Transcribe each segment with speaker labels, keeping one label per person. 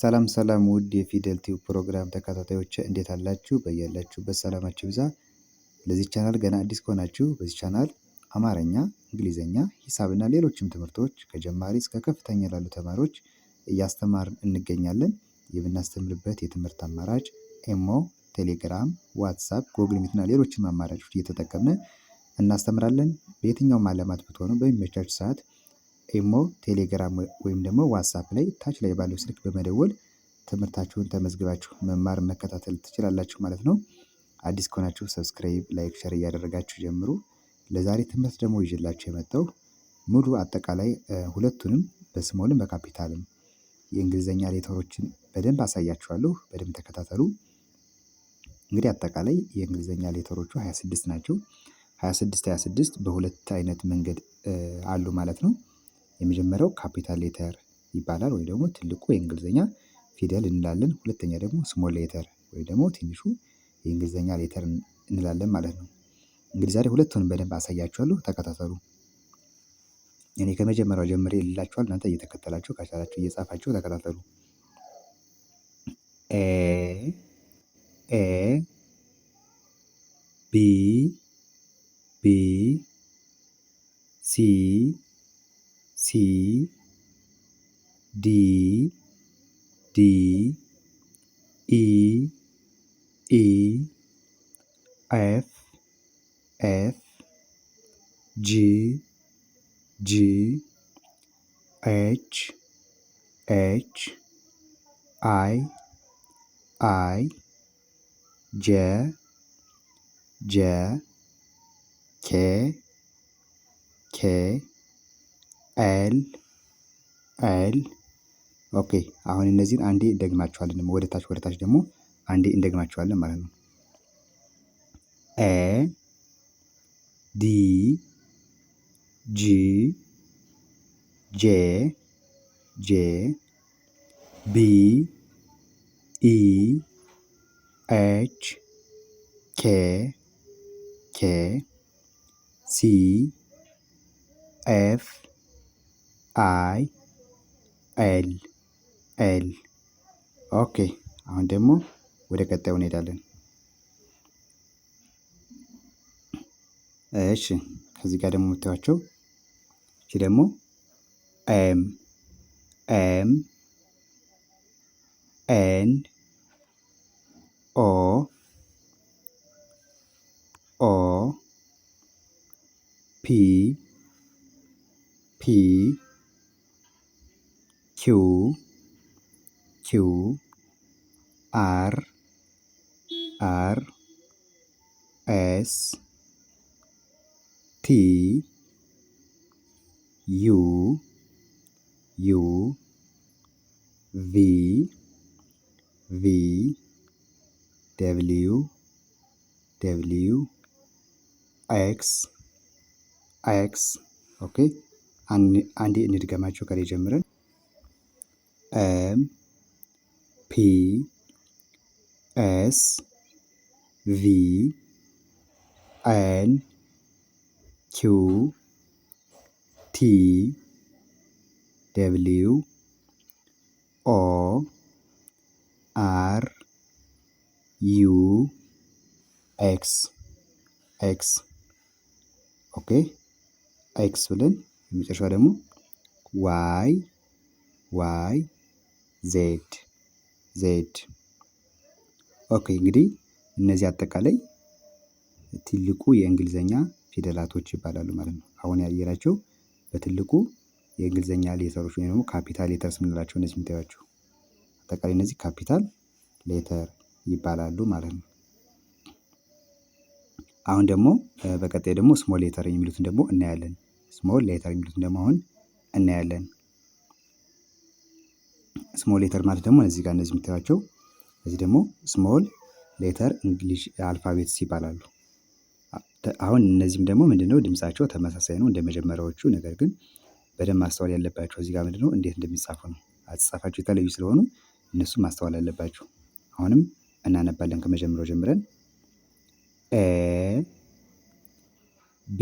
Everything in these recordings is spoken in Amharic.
Speaker 1: ሰላም ሰላም ውድ የፊደል ቲዩብ ፕሮግራም ተከታታዮች እንዴት አላችሁ? በያላችሁበት ሰላማችሁ ይብዛ። ለዚህ ቻናል ገና አዲስ ከሆናችሁ በዚህ ቻናል አማርኛ፣ እንግሊዝኛ፣ ሂሳብና ሌሎችም ትምህርቶች ከጀማሪ እስከ ከፍተኛ ላሉ ተማሪዎች እያስተማርን እንገኛለን። የምናስተምርበት የትምህርት አማራጭ ኤሞ፣ ቴሌግራም፣ ዋትሳፕ፣ ጎግል ሚትና ሌሎችም አማራጮች እየተጠቀምን እናስተምራለን። በየትኛውም አለማት ብትሆኑ በሚመቻች ሰዓት ኢሞ፣ ቴሌግራም ወይም ደግሞ ዋትሳፕ ላይ ታች ላይ ባለው ስልክ በመደወል ትምህርታችሁን ተመዝግባችሁ መማር መከታተል ትችላላችሁ ማለት ነው። አዲስ ከሆናችሁ ሰብስክራይብ፣ ላይክ፣ ሸር እያደረጋችሁ ጀምሩ። ለዛሬ ትምህርት ደግሞ ይዤላችሁ የመጣው ሙሉ አጠቃላይ ሁለቱንም በስሞልም በካፒታልም የእንግሊዝኛ ሌተሮችን በደንብ አሳያችኋለሁ። በደንብ ተከታተሉ። እንግዲህ አጠቃላይ የእንግሊዝኛ ሌተሮቹ 26 ናቸው። 26 26 በሁለት አይነት መንገድ አሉ ማለት ነው። የመጀመሪያው ካፒታል ሌተር ይባላል ወይ ደግሞ ትልቁ የእንግሊዘኛ ፊደል እንላለን። ሁለተኛ ደግሞ ስሞል ሌተር ወይ ደግሞ ትንሹ የእንግሊዘኛ ሌተር እንላለን ማለት ነው። እንግዲህ ዛሬ ሁለቱንም በደንብ አሳያችኋለሁ ተከታተሉ። እኔ ከመጀመሪያው ጀምሬ ልላችኋል እናንተ እየተከተላችሁ ከቻላችሁ እየጻፋችሁ ተከታተሉ። ኤ ኤ ቢ ቢ ሲ C D D E E F F G G H H I I J J K K ኤል ኤል ኦኬ አሁን እነዚህን አንዴ እንደግማቸዋለን ደግሞ ወደታች ታች ደግሞ አንዴ እንደግማቸዋለን ማለት ነው። ኤ ዲ ጂ ጄ ጄ ቢ ኢ ኤች ኬ ኬ ሲ ኤፍ አይ ኤል ኤል። ኦኬ አሁን ደግሞ ወደ ቀጣዩ እንሄዳለን። እሺ ከዚህ ጋር ደግሞ የምታዩቸው እቺ ደግሞ ኤም ኤም ኤን ኦ ኦ ፒ ፒ ኪ ኪ አር አር ኤስ ቲ ዩ ዩ ቪ ቪ ደብልዩ ደብልዩ ኤክስ ኤክስ ኦኬ። አንዴ እንድገማቸው ከላይ ጀምረን ኤም ፒ ኤስ ቪ ኤን ኪ ቲ ደብሊው ኦ አር ዩ ኤክስ ኤክስ ኦኬ ኤክስ ብለን የመጨረሻ ደግሞ ዋይ ዋይ ዜድ ዜድ። ኦኬ እንግዲህ እነዚህ አጠቃላይ ትልቁ የእንግሊዘኛ ፊደላቶች ይባላሉ ማለት ነው። አሁን ያየናቸው በትልቁ የእንግሊዘኛ ሌተሮች ወይም ደግሞ ካፒታል ሌተርስ የምንላቸው እነዚህ የምታያቸው አጠቃላይ እነዚህ ካፒታል ሌተር ይባላሉ ማለት ነው። አሁን ደግሞ በቀጣይ ደግሞ ስሞል ሌተር የሚሉትን ደግሞ እናያለን። ስሞል ሌተር የሚሉትን ደግሞ አሁን እናያለን። ስሞል ሌተር ማለት ደግሞ እነዚህ ጋር እነዚህ የምታያቸው እዚህ ደግሞ ስሞል ሌተር እንግሊሽ አልፋቤትስ ይባላሉ። አሁን እነዚህም ደግሞ ምንድነው ድምጻቸው ተመሳሳይ ነው እንደ መጀመሪያዎቹ። ነገር ግን በደንብ ማስተዋል ያለባቸው እዚህ ጋር ምንድነው እንዴት እንደሚጻፉ ነው። አጻጻፋቸው የተለዩ ስለሆኑ እነሱም ማስተዋል ያለባቸው። አሁንም እናነባለን ከመጀመሪያው ጀምረን ኤ ቢ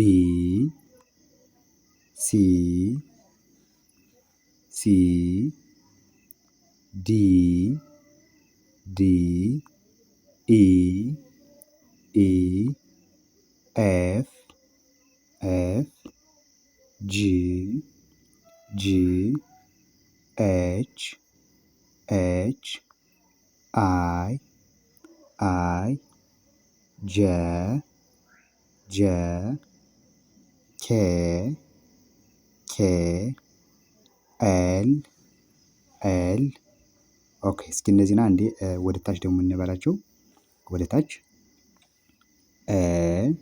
Speaker 1: ሲ ሲ D D E E F F G G H H I I J J K K L L ኦኬ እስኪ እነዚህን አንዴ ወደ ታች ደግሞ እንበላቸው። ወደ ታች ኤ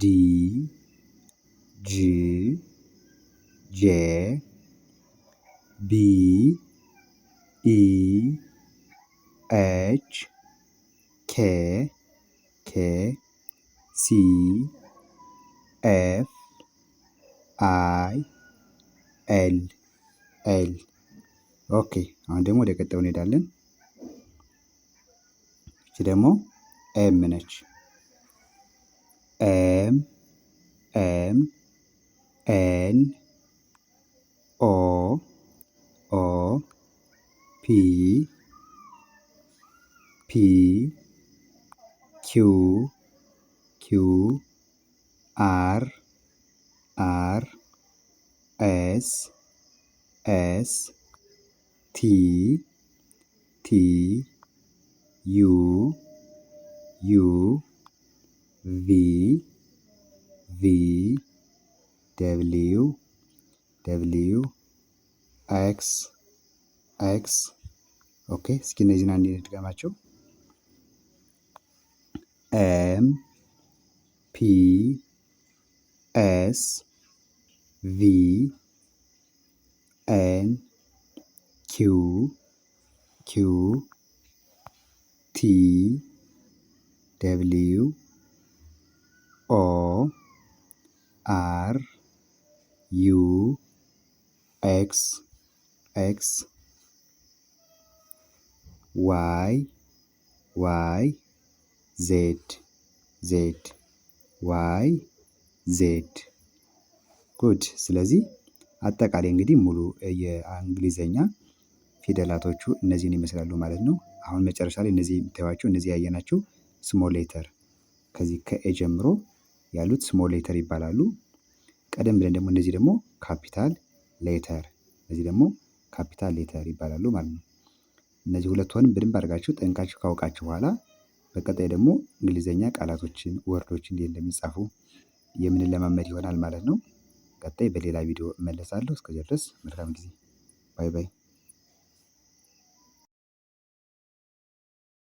Speaker 1: ዲ ጂ ጄ ቢ ኢ ኤች ኬ ኬ ሲ ኤፍ አይ ኤል ኤል ኦኬ አሁን ደግሞ ወደ ቀጣዩ እንሄዳለን። እቺ ደግሞ ኤም ነች። ኤም ኤም ኤን ኦ ኦ ፒ ፒ ኪው ኪው አር አር ኤስ ኤስ ቲ ቲ ዩ ዩ ቪ ቪ ደብልዩ ደብልዩ ኤክስ ኤክስ ኦኬ። እስኪ እነዚህን አንድ ድገማቸው። ኤም ፒ ኤስ ቪ ኤን ኪዩ ኪዩ ቲ ደብልዩ ኦ አር ዩ ኤክስ ኤክስ ዋይ ዋይ ዜድ ዜድ ዋይ ዜድ ጉድ። ስለዚህ አጠቃላይ እንግዲህ ሙሉ የእንግሊዘኛ ፊደላቶቹ እነዚህን ይመስላሉ ማለት ነው። አሁን መጨረሻ ላይ እነዚህ የምታዩቸው እነዚህ ያየናቸው ስሞል ሌተር ከዚህ ከኤ ጀምሮ ያሉት ስሞል ሌተር ይባላሉ። ቀደም ብለን ደግሞ እነዚህ ደግሞ ካፒታል ሌተር እነዚህ ደግሞ ካፒታል ሌተር ይባላሉ ማለት ነው። እነዚህ ሁለቱንም በደንብ አድርጋችሁ ጠንቃችሁ ካወቃችሁ በኋላ በቀጣይ ደግሞ እንግሊዘኛ ቃላቶችን፣ ወርዶችን እንዴት እንደሚጻፉ የምንለማመድ ይሆናል ማለት ነው። ቀጣይ በሌላ ቪዲዮ እመለሳለሁ። እስከዚያ ድረስ መልካም ጊዜ። ባይ ባይ።